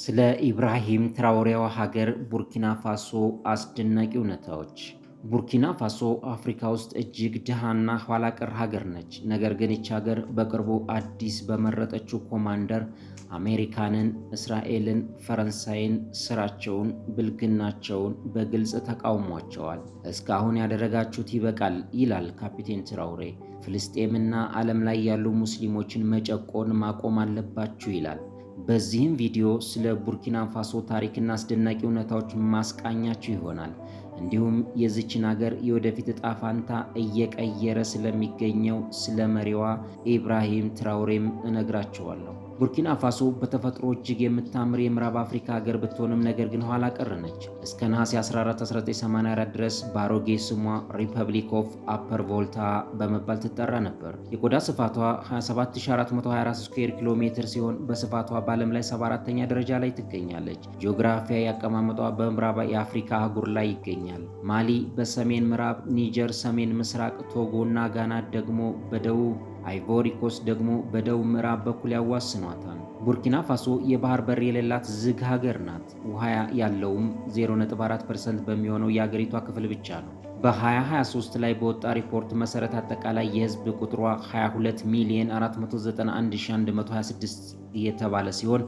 ስለ ኢብራሂም ትራውሬዋ ሀገር ቡርኪና ፋሶ አስደናቂ እውነታዎች። ቡርኪና ፋሶ አፍሪካ ውስጥ እጅግ ድሃና ኋላ ቅር ሀገር ነች። ነገር ግን ይች ሀገር በቅርቡ አዲስ በመረጠችው ኮማንደር አሜሪካንን፣ እስራኤልን፣ ፈረንሳይን ስራቸውን፣ ብልግናቸውን በግልጽ ተቃውሟቸዋል። እስካሁን ያደረጋችሁት ይበቃል ይላል ካፒቴን ትራውሬ። ፍልስጤምና ዓለም ላይ ያሉ ሙስሊሞችን መጨቆን ማቆም አለባችሁ ይላል። በዚህም ቪዲዮ ስለ ቡርኪና ፋሶ ታሪክና አስደናቂ እውነታዎች ማስቃኛችሁ ይሆናል። እንዲሁም የዚችን አገር የወደፊት እጣ ፋንታ እየቀየረ ስለሚገኘው ስለ መሪዋ ኢብራሂም ትራውሬም እነግራችኋለሁ። ቡርኪና ፋሶ በተፈጥሮ እጅግ የምታምር የምዕራብ አፍሪካ ሀገር ብትሆንም ነገር ግን ኋላ ቀር ነች። እስከ ነሐሴ 14 1984 ድረስ በአሮጌ ስሟ ሪፐብሊክ ኦፍ አፐር ቮልታ በመባል ትጠራ ነበር። የቆዳ ስፋቷ 27424 ስኩዌር ኪሎ ሜትር ሲሆን በስፋቷ በዓለም ላይ 74ተኛ ደረጃ ላይ ትገኛለች። ጂኦግራፊያዊ አቀማመጧ በምዕራብ የአፍሪካ አህጉር ላይ ይገኛል። ማሊ በሰሜን ምዕራብ፣ ኒጀር ሰሜን ምስራቅ፣ ቶጎ እና ጋና ደግሞ በደቡብ አይቮሪ ደግሞ በደቡብ ምዕራብ በኩል ያዋስኗታል። ቡርኪና ፋሶ የባህር በር የሌላት ዝግ ሀገር ናት። ውሃ ያለውም 0.4% በሚሆነው የአገሪቷ ክፍል ብቻ ነው። በ2023 ላይ በወጣ ሪፖርት መሰረት አጠቃላይ የህዝብ ቁጥሯ 22 ሚሊዮን 491,126 የተባለ ሲሆን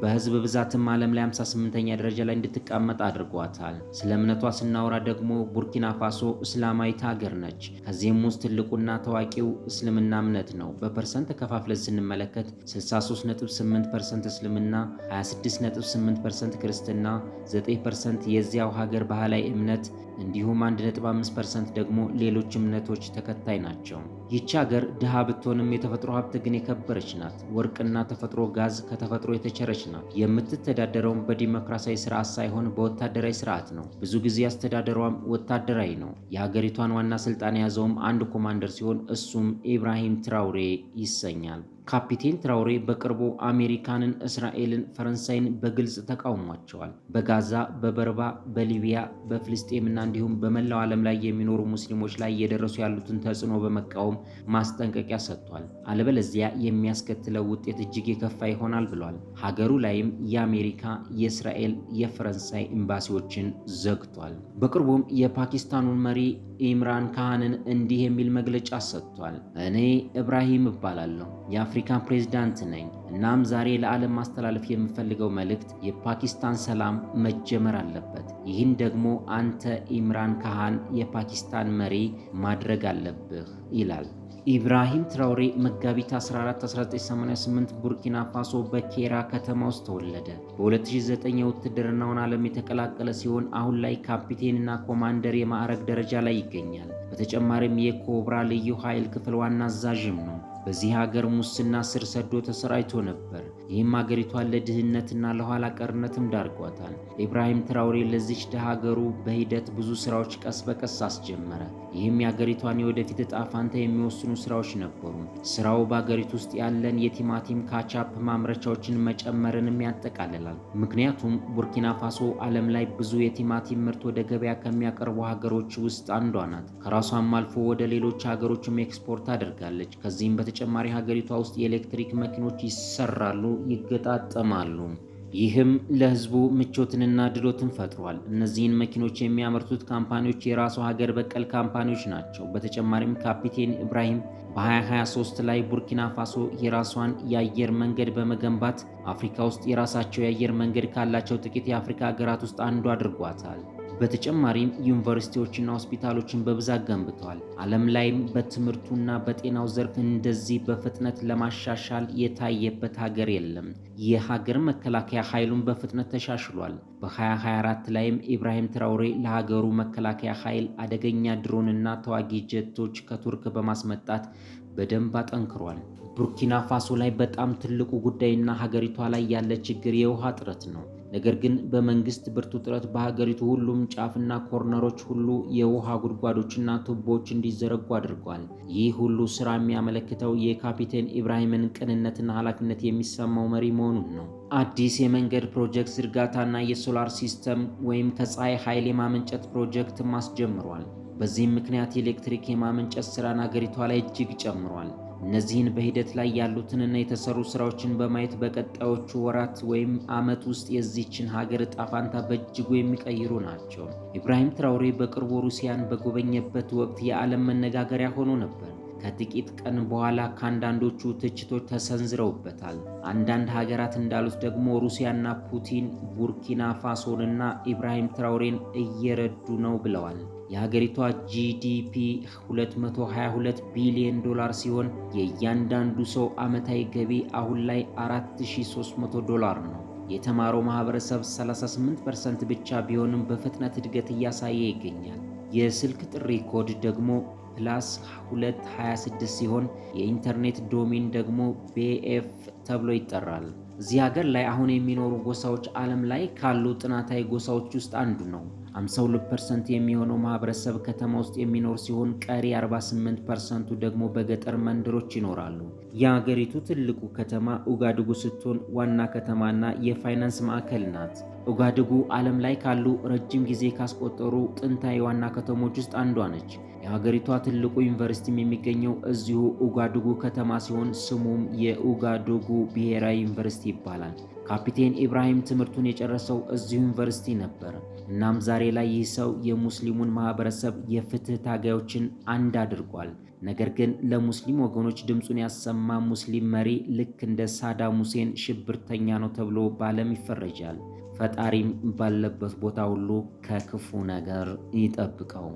በህዝብ ብዛትም ዓለም ላይ 58ኛ ደረጃ ላይ እንድትቀመጥ አድርጓታል። ስለ እምነቷ ስናወራ ደግሞ ቡርኪና ፋሶ እስላማዊት ሀገር ነች። ከዚህም ውስጥ ትልቁና ታዋቂው እስልምና እምነት ነው። በፐርሰንት ከፋፍለን ስንመለከት 63.8 ፐርሰንት እስልምና፣ 26.8 ፐርሰንት ክርስትና፣ 9 ፐርሰንት የዚያው ሀገር ባህላዊ እምነት እንዲሁም 1.5 ፐርሰንት ደግሞ ሌሎች እምነቶች ተከታይ ናቸው። ይቺ ሀገር ድሃ ብትሆንም የተፈጥሮ ሀብት ግን የከበረች ናት። ወርቅና ተፈጥሮ ጋዝ ከተፈጥሮ የተቸረች ናት። የምትተዳደረውም በዲሞክራሲያዊ ስርዓት ሳይሆን በወታደራዊ ስርዓት ነው። ብዙ ጊዜ አስተዳደሯም ወታደራዊ ነው። የሀገሪቷን ዋና ስልጣን የያዘውም አንድ ኮማንደር ሲሆን እሱም ኢብራሂም ትራውሬ ይሰኛል። ካፒቴን ትራውሬ በቅርቡ አሜሪካንን፣ እስራኤልን፣ ፈረንሳይን በግልጽ ተቃውሟቸዋል። በጋዛ፣ በበርባ፣ በሊቢያ፣ በፍልስጤምና እንዲሁም በመላው ዓለም ላይ የሚኖሩ ሙስሊሞች ላይ እየደረሱ ያሉትን ተጽዕኖ በመቃወም ማስጠንቀቂያ ሰጥቷል። አለበለዚያ የሚያስከትለው ውጤት እጅግ የከፋ ይሆናል ብሏል። ሀገሩ ላይም የአሜሪካ፣ የእስራኤል፣ የፈረንሳይ ኤምባሲዎችን ዘግቷል። በቅርቡም የፓኪስታኑን መሪ ኢምራን ካህንን እንዲህ የሚል መግለጫ ሰጥቷል። እኔ እብራሂም እባላለሁ የአፍሪ የአፍሪካን ፕሬዝዳንት ነኝ። እናም ዛሬ ለዓለም ማስተላለፍ የምፈልገው መልእክት የፓኪስታን ሰላም መጀመር አለበት። ይህን ደግሞ አንተ ኢምራን ካሃን የፓኪስታን መሪ ማድረግ አለብህ ይላል። ኢብራሂም ትራውሬ መጋቢት 14 1988 ቡርኪና ፋሶ በኬራ ከተማ ውስጥ ተወለደ። በ2009 የውትድርናውን ዓለም የተቀላቀለ ሲሆን አሁን ላይ ካፒቴንና ኮማንደር የማዕረግ ደረጃ ላይ ይገኛል። በተጨማሪም የኮብራ ልዩ ኃይል ክፍል ዋና አዛዥም ነው። በዚህ ሀገር ሙስና ስር ሰዶ ተሰራጭቶ ነበር። ይህም ሀገሪቷን ለድህነትና ለኋላ ቀርነትም ዳርጓታል። ኢብራሂም ትራውሬ ለዚች ድሃ ሀገሩ በሂደት ብዙ ስራዎች ቀስ በቀስ አስጀመረ። ይህም የሀገሪቷን የወደፊት እጣ ፋንታ የሚወስኑ ስራዎች ነበሩ። ስራው በሀገሪቱ ውስጥ ያለን የቲማቲም ካቻፕ ማምረቻዎችን መጨመርንም ያጠቃልላል። ምክንያቱም ቡርኪና ፋሶ ዓለም ላይ ብዙ የቲማቲም ምርት ወደ ገበያ ከሚያቀርቡ ሀገሮች ውስጥ አንዷ ናት። ከራሷም አልፎ ወደ ሌሎች ሀገሮችም ኤክስፖርት አድርጋለች። ከዚህም በተጨ በተጨማሪ ሀገሪቷ ውስጥ የኤሌክትሪክ መኪኖች ይሰራሉ፣ ይገጣጠማሉ። ይህም ለህዝቡ ምቾትንና ድሎትን ፈጥሯል። እነዚህን መኪኖች የሚያመርቱት ካምፓኒዎች የራሱ ሀገር በቀል ካምፓኒዎች ናቸው። በተጨማሪም ካፒቴን ኢብራሂም በ2023 ላይ ቡርኪና ፋሶ የራሷን የአየር መንገድ በመገንባት አፍሪካ ውስጥ የራሳቸው የአየር መንገድ ካላቸው ጥቂት የአፍሪካ ሀገራት ውስጥ አንዱ አድርጓታል። በተጨማሪም ዩኒቨርሲቲዎችና ሆስፒታሎችን በብዛት ገንብተዋል። ዓለም ላይም በትምህርቱና በጤናው ዘርፍ እንደዚህ በፍጥነት ለማሻሻል የታየበት ሀገር የለም። የሀገር መከላከያ ኃይሉን በፍጥነት ተሻሽሏል። በ2024 ላይም ኢብራሂም ትራውሬ ለሀገሩ መከላከያ ኃይል አደገኛ ድሮንና ተዋጊ ጀቶች ከቱርክ በማስመጣት በደንብ አጠንክሯል። ቡርኪና ፋሶ ላይ በጣም ትልቁ ጉዳይና ሀገሪቷ ላይ ያለ ችግር የውሃ እጥረት ነው። ነገር ግን በመንግስት ብርቱ ጥረት በሀገሪቱ ሁሉም ጫፍና ኮርነሮች ሁሉ የውሃ ጉድጓዶችና ቱቦዎች እንዲዘረጉ አድርጓል። ይህ ሁሉ ስራ የሚያመለክተው የካፒቴን ኢብራሂምን ቅንነትና ኃላፊነት የሚሰማው መሪ መሆኑን ነው። አዲስ የመንገድ ፕሮጀክት ዝርጋታና የሶላር ሲስተም ወይም ከፀሐይ ኃይል የማመንጨት ፕሮጀክት ማስጀምሯል። በዚህም ምክንያት የኤሌክትሪክ የማመንጨት ስራን አገሪቷ ላይ እጅግ ጨምሯል። እነዚህን በሂደት ላይ ያሉትንና የተሰሩ ስራዎችን በማየት በቀጣዮቹ ወራት ወይም ዓመት ውስጥ የዚችን ሀገር እጣ ፋንታ በእጅጉ የሚቀይሩ ናቸው። ኢብራሂም ትራውሬ በቅርቡ ሩሲያን በጎበኘበት ወቅት የዓለም መነጋገሪያ ሆኖ ነበር። ከጥቂት ቀን በኋላ ከአንዳንዶቹ ትችቶች ተሰንዝረውበታል። አንዳንድ ሀገራት እንዳሉት ደግሞ ሩሲያና ፑቲን ቡርኪና ፋሶንና ኢብራሂም ትራውሬን እየረዱ ነው ብለዋል። የሀገሪቷ ጂዲፒ 222 ቢሊዮን ዶላር ሲሆን የእያንዳንዱ ሰው ዓመታዊ ገቢ አሁን ላይ 4300 ዶላር ነው። የተማረው ማህበረሰብ 38% ብቻ ቢሆንም በፍጥነት እድገት እያሳየ ይገኛል። የስልክ ጥሪ ኮድ ደግሞ ፕላስ 226 ሲሆን የኢንተርኔት ዶሜን ደግሞ ቤኤፍ ተብሎ ይጠራል። እዚህ ሀገር ላይ አሁን የሚኖሩ ጎሳዎች ዓለም ላይ ካሉ ጥናታዊ ጎሳዎች ውስጥ አንዱ ነው። 52 ፐርሰንት የሚሆነው ማህበረሰብ ከተማ ውስጥ የሚኖር ሲሆን ቀሪ 48 ፐርሰንቱ ደግሞ በገጠር መንደሮች ይኖራሉ። የአገሪቱ ትልቁ ከተማ ኡጋድጉ ስትሆን ዋና ከተማና የፋይናንስ ማዕከል ናት። ኡጋድጉ ዓለም ላይ ካሉ ረጅም ጊዜ ካስቆጠሩ ጥንታዊ ዋና ከተሞች ውስጥ አንዷ ነች። የሀገሪቷ ትልቁ ዩኒቨርሲቲም የሚገኘው እዚሁ ኡጋድጉ ከተማ ሲሆን ስሙም የኡጋድጉ ብሔራዊ ዩኒቨርሲቲ ይባላል። ካፒቴን ኢብራሂም ትምህርቱን የጨረሰው እዚሁ ዩኒቨርሲቲ ነበር። እናም ዛሬ ላይ ይህ ሰው የሙስሊሙን ማህበረሰብ የፍትህ ታጋዮችን አንድ አድርጓል። ነገር ግን ለሙስሊም ወገኖች ድምፁን ያሰማ ሙስሊም መሪ ልክ እንደ ሳዳም ሁሴን ሽብርተኛ ነው ተብሎ በዓለም ይፈረጃል። ፈጣሪም ባለበት ቦታ ሁሉ ከክፉ ነገር ይጠብቀው።